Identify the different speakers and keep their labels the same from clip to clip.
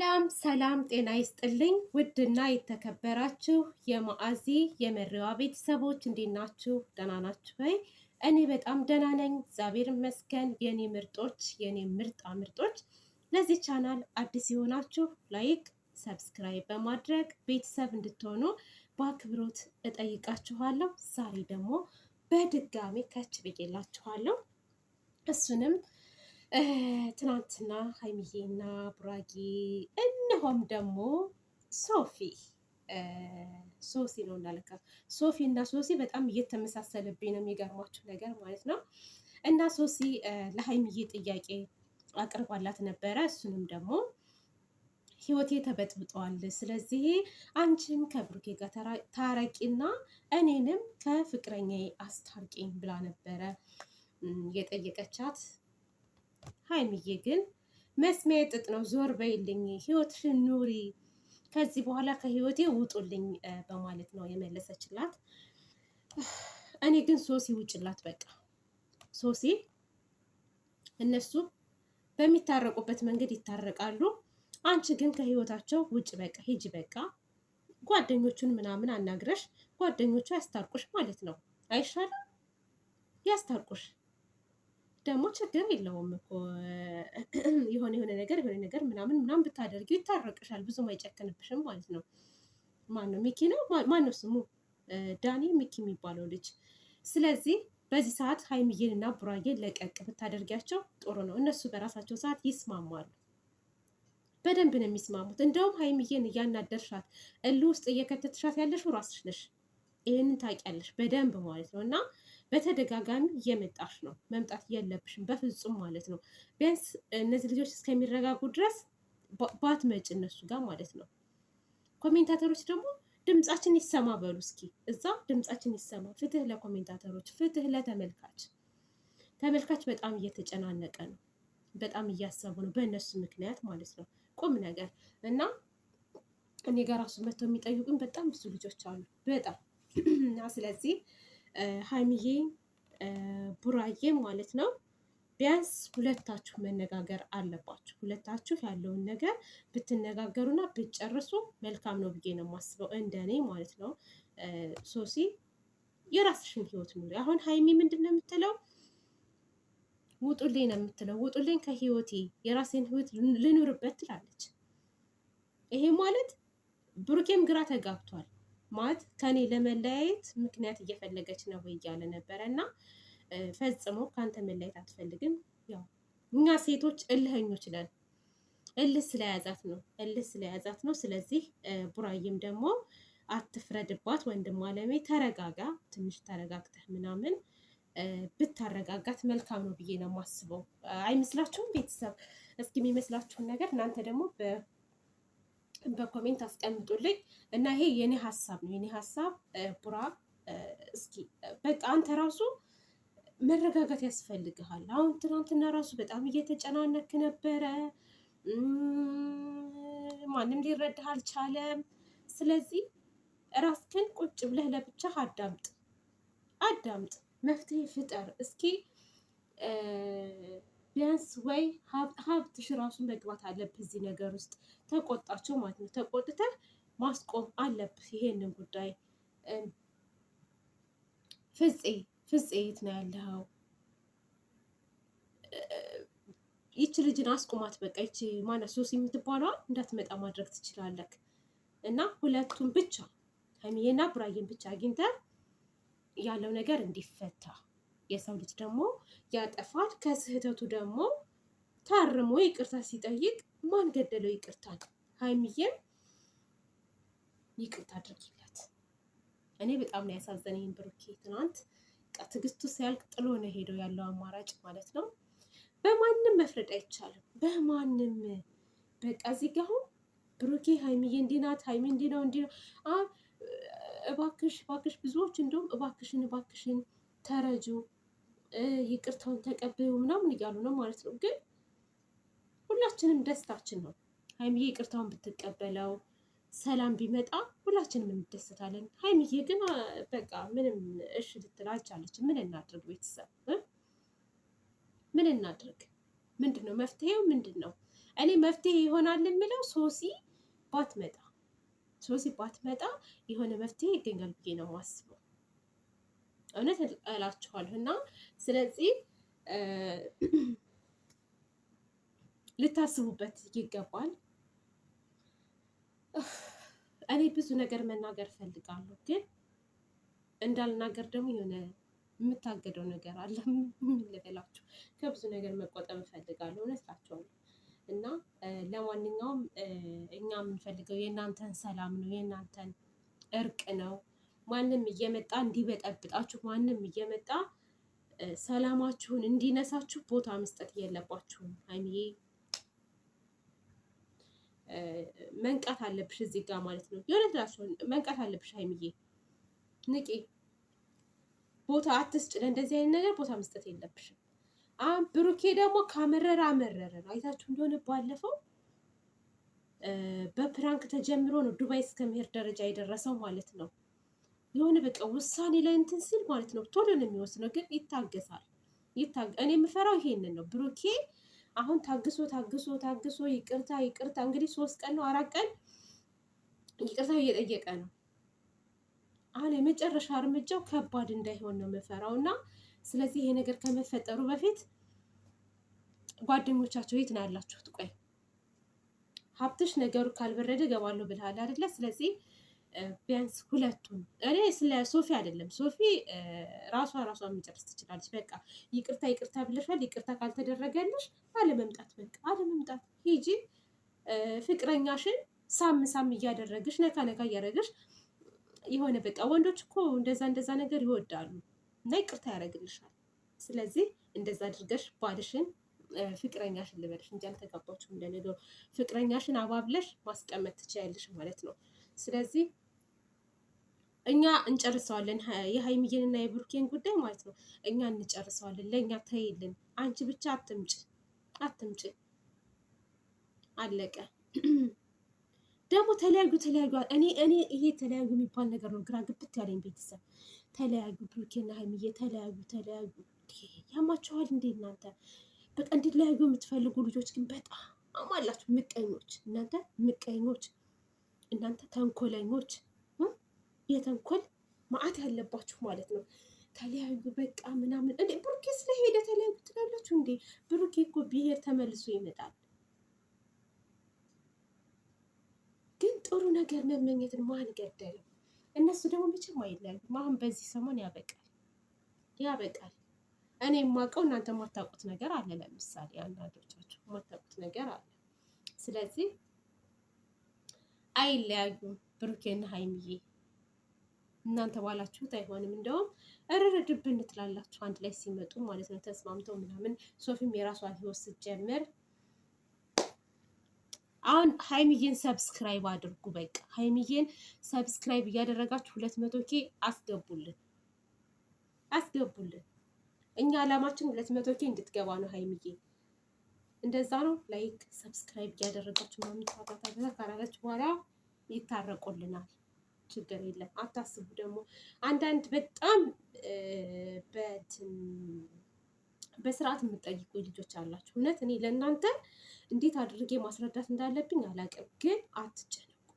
Speaker 1: ሰላም ሰላም፣ ጤና ይስጥልኝ ውድና የተከበራችሁ የማአዚ የመሪዋ ቤተሰቦች እንዴት ናችሁ? ደህና ናችሁ ወይ? እኔ በጣም ደህና ነኝ፣ እግዚአብሔር ይመስገን። የኔ ምርጦች፣ የኔ ምርጣ ምርጦች፣ ለዚህ ቻናል አዲስ የሆናችሁ ላይክ፣ ሰብስክራይብ በማድረግ ቤተሰብ እንድትሆኑ በአክብሮት እጠይቃችኋለሁ። ዛሬ ደግሞ በድጋሚ ከች ብዬላችኋለሁ እሱንም ትናንትና ሀይሚዬና ቡራጌ እነሆም ደግሞ ሶፊ ሶሲ ነው እንዳለካ ሶፊ እና ሶሲ በጣም እየተመሳሰለብኝ ነው የሚገርማችሁ ነገር ማለት ነው። እና ሶሲ ለሀይሚዬ ጥያቄ አቅርባላት ነበረ። እሱንም ደግሞ ህይወቴ ተበጥብጠዋል፣ ስለዚህ አንቺም ከብሩኬ ጋር ታረቂና እኔንም ከፍቅረኛ አስታርቂኝ ብላ ነበረ የጠየቀቻት ሀይሚዬ ግን መስሚያ ጥጥ ነው። ዞር በይልኝ፣ ህይወትሽን ኑሪ፣ ከዚህ በኋላ ከህይወቴ ውጡልኝ በማለት ነው የመለሰችላት። እኔ ግን ሶሲ ውጭላት፣ በቃ ሶሲ። እነሱ በሚታረቁበት መንገድ ይታረቃሉ። አንቺ ግን ከህይወታቸው ውጭ በቃ ሂጂ፣ በቃ ጓደኞቹን ምናምን አናግረሽ ጓደኞቹ ያስታርቁሽ ማለት ነው። አይሻልም? ያስታርቁሽ ደግሞ ችግር የለውም እኮ የሆነ የሆነ ነገር የሆነ ነገር ምናምን ምናምን ብታደርጊው ይታረቅሻል፣ ብዙም አይጨክንብሽም ማለት ነው። ማን ነው ሚኪ ነው ማን ነው ስሙ ዳኒ ሚኪ የሚባለው ልጅ። ስለዚህ በዚህ ሰዓት ሀይሚዬን እና ቡራዬን ለቀቅ ብታደርጊያቸው ጥሩ ነው። እነሱ በራሳቸው ሰዓት ይስማማሉ። በደንብ ነው የሚስማሙት። እንደውም ሀይሚዬን እያናደርሻት እልህ ውስጥ እየከተትሻት ያለሽው ራስሽ ነሽ። ይህንን ታውቂያለሽ በደንብ ማለት ነው እና በተደጋጋሚ እየመጣሽ ነው፣ መምጣት የለብሽም በፍጹም ማለት ነው። ቢያንስ እነዚህ ልጆች እስከሚረጋጉ ድረስ ባት መጭ እነሱ ጋር ማለት ነው። ኮሜንታተሮች ደግሞ ድምጻችን ይሰማ በሉ እስኪ እዛ ድምጻችን ይሰማ። ፍትህ ለኮሜንታተሮች፣ ፍትህ ለተመልካች። ተመልካች በጣም እየተጨናነቀ ነው፣ በጣም እያሰቡ ነው በእነሱ ምክንያት ማለት ነው። ቁም ነገር እና እኔ ጋር ራሱ መጥተው የሚጠይቁኝ በጣም ብዙ ልጆች አሉ በጣም እና ስለዚህ ሀይሚዬ ቡራዬ ማለት ነው። ቢያንስ ሁለታችሁ መነጋገር አለባችሁ። ሁለታችሁ ያለውን ነገር ብትነጋገሩና ብትጨርሱ መልካም ነው ብዬ ነው የማስበው፣ እንደኔ ማለት ነው። ሶሲ የራስሽን ህይወት ኑሪ። አሁን ሀይሚ ምንድን ነው የምትለው? ውጡልኝ ነው የምትለው። ውጡልኝ ከህይወቴ የራሴን ህይወት ልኑርበት ትላለች። ይሄ ማለት ብሩኬም ግራ ተጋብቷል። ማለት ከኔ ለመለያየት ምክንያት እየፈለገች ነው እያለ ነበረ እና ፈጽሞ ከአንተ መለየት አትፈልግም። ያው እኛ ሴቶች እልህኞች ነን። እልህ ስለያዛት ነው እልህ ስለያዛት ነው። ስለዚህ ቡራዬም ደግሞ አትፍረድባት ወንድም አለሜ፣ ተረጋጋ፣ ትንሽ ተረጋግተህ ምናምን ብታረጋጋት መልካም ነው ብዬ ነው የማስበው። አይመስላችሁም? ቤተሰብ እስኪ የሚመስላችሁን ነገር እናንተ ደግሞ በኮሜንት አስቀምጡልኝ እና ይሄ የኔ ሀሳብ ነው። የኔ ሀሳብ ቡራ፣ እስኪ በቃ አንተ ራሱ መረጋጋት ያስፈልግሃል። አሁን ትናንትና ራሱ በጣም እየተጨናነክ ነበረ፣ ማንም ሊረዳህ አልቻለም። ስለዚህ ራስክን ቁጭ ብለህ ለብቻህ አዳምጥ አዳምጥ፣ መፍትሄ ፍጠር እስኪ ቢያንስ ወይ ሀብትሽ ራሱን መግባት አለብህ እዚህ ነገር ውስጥ ተቆጣቸው ማለት ነው። ተቆጥተህ ማስቆም አለብህ ይሄንን ጉዳይ። ፍፄ ፍፄ የት ነው ያለው? ይቺ ልጅን አስቁማት። በቃ ይቺ ማናት ሶስ የምትባለዋ እንዳትመጣ ማድረግ ትችላለህ። እና ሁለቱም ብቻ ሀይሚዬና ብሩዬን ብቻ አግኝተህ ያለው ነገር እንዲፈታ የሰው ልጅ ደግሞ ያጠፋል። ከስህተቱ ደግሞ ታርሞ ይቅርታ ሲጠይቅ ማን ገደለው? ይቅርታል። ሀይሚዬም ይቅርታ አድርጊላት። እኔ በጣም ነው ያሳዘነ ይህን ብሩኬ ትናንት ትግስቱ ሲያልቅ ጥሎ ነው ሄደው ያለው አማራጭ ማለት ነው። በማንም መፍረድ አይቻልም። በማንም በቃ እዚህ ጋ አሁን ብሩኬ ሀይሚዬ እንዲህ ናት፣ ሀይሚ እንዲህ ነው፣ እንዲህ ነው። እባክሽ እባክሽ፣ ብዙዎች እንደውም እባክሽን እባክሽን ተረጁ ይቅርታውን ተቀብዩ ምናምን እያሉ ነው ማለት ነው። ግን ሁላችንም ደስታችን ነው። ሀይሚዬ ይቅርታውን ብትቀበለው ሰላም ቢመጣ ሁላችንም እንደሰታለን። ሀይሚዬ ግን በቃ ምንም እሽ ልትል አልቻለችም። ምን እናድርግ ቤተሰብ? ምን እናድርግ? ምንድን ነው መፍትሄው? ምንድን ነው እኔ መፍትሄ ይሆናል የምለው ሶሲ ባትመጣ ሶሲ ባትመጣ የሆነ መፍትሄ ይገኛል ብዬ ነው ማስበው። እውነት እላችኋለሁ እና ስለዚህ ልታስቡበት ይገባል። እኔ ብዙ ነገር መናገር ፈልጋለሁ፣ ግን እንዳልናገር ደግሞ የሆነ የምታገደው ነገር አለ። ምን ልበላችሁ፣ ከብዙ ነገር መቆጠብ እፈልጋለሁ። እውነት እላችኋለሁ እና ለማንኛውም እኛ የምንፈልገው የእናንተን ሰላም ነው፣ የእናንተን እርቅ ነው። ማንም እየመጣ እንዲበጠብጣችሁ፣ ማንም እየመጣ ሰላማችሁን እንዲነሳችሁ ቦታ መስጠት የለባችሁም። ሀይሚዬ መንቃት አለብሽ እዚህ ጋር ማለት ነው። የሆነ እላችኋለሁ መንቃት አለብሽ ሀይሚዬ ንቂ። ቦታ አትስጭ፣ ለእንደዚህ አይነት ነገር ቦታ መስጠት የለብሽም። አሁን ብሩኬ ደግሞ ካመረረ አመረረ ነው። አይታችሁ እንደሆነ ባለፈው በፕራንክ ተጀምሮ ነው ዱባይ እስከ መሄድ ደረጃ የደረሰው ማለት ነው። የሆነ በቃ ውሳኔ ላይ እንትን ሲል ማለት ነው ቶሎ ነው የሚወስነው፣ ግን ይታገሳል። እኔ የምፈራው ይሄንን ነው። ብሩኬ አሁን ታግሶ ታግሶ ታግሶ ይቅርታ ይቅርታ እንግዲህ ሶስት ቀን ነው አራት ቀን ይቅርታ እየጠየቀ ነው። አሁን የመጨረሻ እርምጃው ከባድ እንዳይሆን ነው የምፈራው እና ስለዚህ ይሄ ነገር ከመፈጠሩ በፊት ጓደኞቻቸው የት ነው ያላችሁት? ቆይ ሀብትሽ ነገሩ ካልበረደ ገባለሁ ብለሃል አይደለ? ስለዚህ ቢያንስ ሁለቱን እኔ ስለ ሶፊ አይደለም። ሶፊ ራሷ ራሷ መጨረስ ትችላለች። በቃ ይቅርታ ይቅርታ ብለሻል፣ ይቅርታ ካልተደረገልሽ አለመምጣት በቃ አለመምጣት፣ ሂጂ ፍቅረኛሽን ሳም ሳም እያደረግሽ ነካ ነካ እያደረግሽ የሆነ በቃ ወንዶች እኮ እንደዛ እንደዛ ነገር ይወዳሉ እና ይቅርታ ያደረግልሻል። ስለዚህ እንደዛ አድርገሽ ባልሽን ፍቅረኛሽን ልበልሽ እንጂ አልተጋባችሁም እንደነገሩ ፍቅረኛሽን አባብለሽ ማስቀመጥ ትችያለሽ ማለት ነው። ስለዚህ እኛ እንጨርሰዋለን። የሀይሚዬንና የብሩኬን ጉዳይ ማለት ነው። እኛ እንጨርሰዋለን። ለእኛ ተይልን። አንቺ ብቻ አትምጭ አትምጭ። አለቀ። ደግሞ ተለያዩ ተለያዩ። እኔ እኔ ይሄ ተለያዩ የሚባል ነገር ነው ግራ ግብት ያለኝ። ቤተሰብ ተለያዩ፣ ብሩኬና ሀይሚዬ ተለያዩ ተለያዩ። ያማችኋል እንዴ እናንተ? በቃ እንዲለያዩ የምትፈልጉ ልጆች ግን በጣም አላችሁ። ምቀኞች እናንተ፣ ምቀኞች እናንተ፣ ተንኮለኞች የተንኮል ማአት ያለባችሁ ማለት ነው። ተለያዩ በቃ ምናምን እንዴ ብሩኬ ስለሄደ ተለያዩ ትላላችሁ እንዴ? ብሩኬ እኮ ብሄር ተመልሶ ይመጣል። ግን ጥሩ ነገር መመኘትን ማን ገደለው? እነሱ ደግሞ መቼም አይለያዩ። አሁን በዚህ ሰሞን ያበቃል ያበቃል። እኔ የማውቀው እናንተ የማታውቁት ነገር አለ። ለምሳሌ አንዳንዶቻችሁ የማታውቁት ነገር አለ። ስለዚህ አይለያዩም ብሩኬና ሀይሚዬ እናንተ ባላችሁት አይሆንም። እንደውም እርር ድብ እንትላላችሁ አንድ ላይ ሲመጡ ማለት ነው ተስማምተው ምናምን። ሶፊም የራሷን ህይወት ስትጀምር አሁን ሀይሚዬን ሰብስክራይብ አድርጉ። በቃ ሀይሚዬን ሰብስክራይብ እያደረጋችሁ ሁለት መቶ ኬ አስገቡልን አስገቡልን። እኛ አላማችን ሁለት መቶ ኬ እንድትገባ ነው ሀይሚዬ። እንደዛ ነው። ላይክ ሰብስክራይብ እያደረጋችሁ ምናምን ተባባታ ካላላችሁ በኋላ ይታረቁልናል። ችግር የለም አታስቡ። ደግሞ አንዳንድ በጣም በትን በስርዓት የምጠይቁ ልጆች አላችሁ። እውነት እኔ ለእናንተ እንዴት አድርጌ ማስረዳት እንዳለብኝ አላውቅም፣ ግን አትጨነቁ፣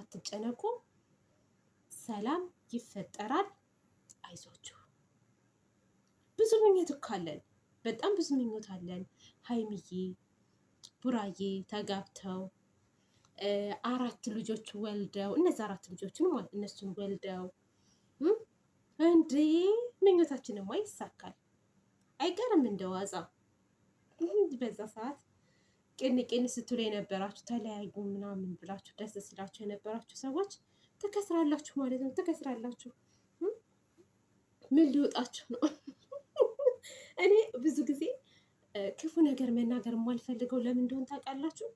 Speaker 1: አትጨነቁ። ሰላም ይፈጠራል። አይዟችሁ። ብዙ ምኞት እኮ አለን፣ በጣም ብዙ ምኞት አለን። ሀይምዬ ቡራዬ ተጋብተው አራት ልጆች ወልደው እነዚህ አራት ልጆችን ማለት እነሱን ወልደው እንዴ ምኞታችንማ ይሳካል አይቀርም እንደዋዛ በዛ ሰዓት ቅን ቅን ስትሉ የነበራችሁ ተለያዩ ምናምን ብላችሁ ደስ ስላችሁ የነበራችሁ ሰዎች ትከስራላችሁ ማለት ነው። ትከስራላችሁ። ምን ሊወጣችሁ ነው? እኔ ብዙ ጊዜ ክፉ ነገር መናገር የማልፈልገው ለምን እንደሆን ታውቃላችሁ?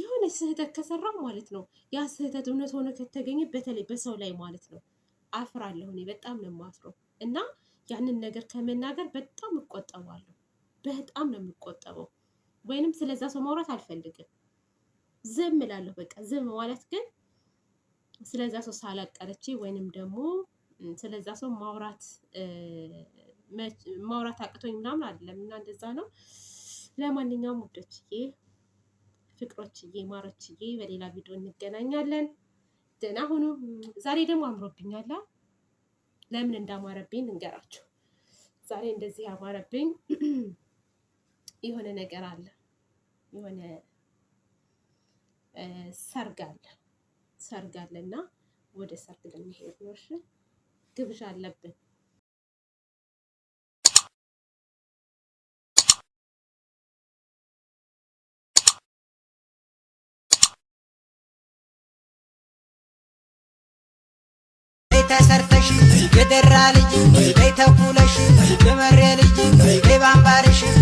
Speaker 1: የሆነ ስህተት ከሰራው ማለት ነው ያ ስህተት እውነት ሆኖ ከተገኘ በተለይ በሰው ላይ ማለት ነው አፍራለሁ። እኔ በጣም ነው የማፍረው እና ያንን ነገር ከመናገር በጣም እቆጠባለሁ። በጣም ነው የምቆጠበው፣ ወይንም ስለዛ ሰው ማውራት አልፈልግም። ዝም እላለሁ። በቃ ዝም ማለት ግን ስለዛ ሰው ሳላቀርቼ ወይንም ደግሞ ስለዛ ሰው ማውራት ማውራት አቅቶኝ ምናምን አይደለም እና እንደዛ ነው። ለማንኛውም ውዶችዬ ፍቅሮችዬ ማሮችዬ፣ በሌላ ቪዲዮ እንገናኛለን። ደህና ሁኑ። ዛሬ ደግሞ አምሮብኛላ። ለምን እንዳማረብኝ ልንገራችሁ። ዛሬ እንደዚህ ያማረብኝ የሆነ ነገር አለ፣ የሆነ ሰርግ አለ፣ ሰርግ አለና ወደ ሰርግ ልንሄድ ነው። እሺ ግብዣ አለብን። ተሰርተሽ የደራ ልጅ በይተኩለሽ የመሬ ልጅ በይ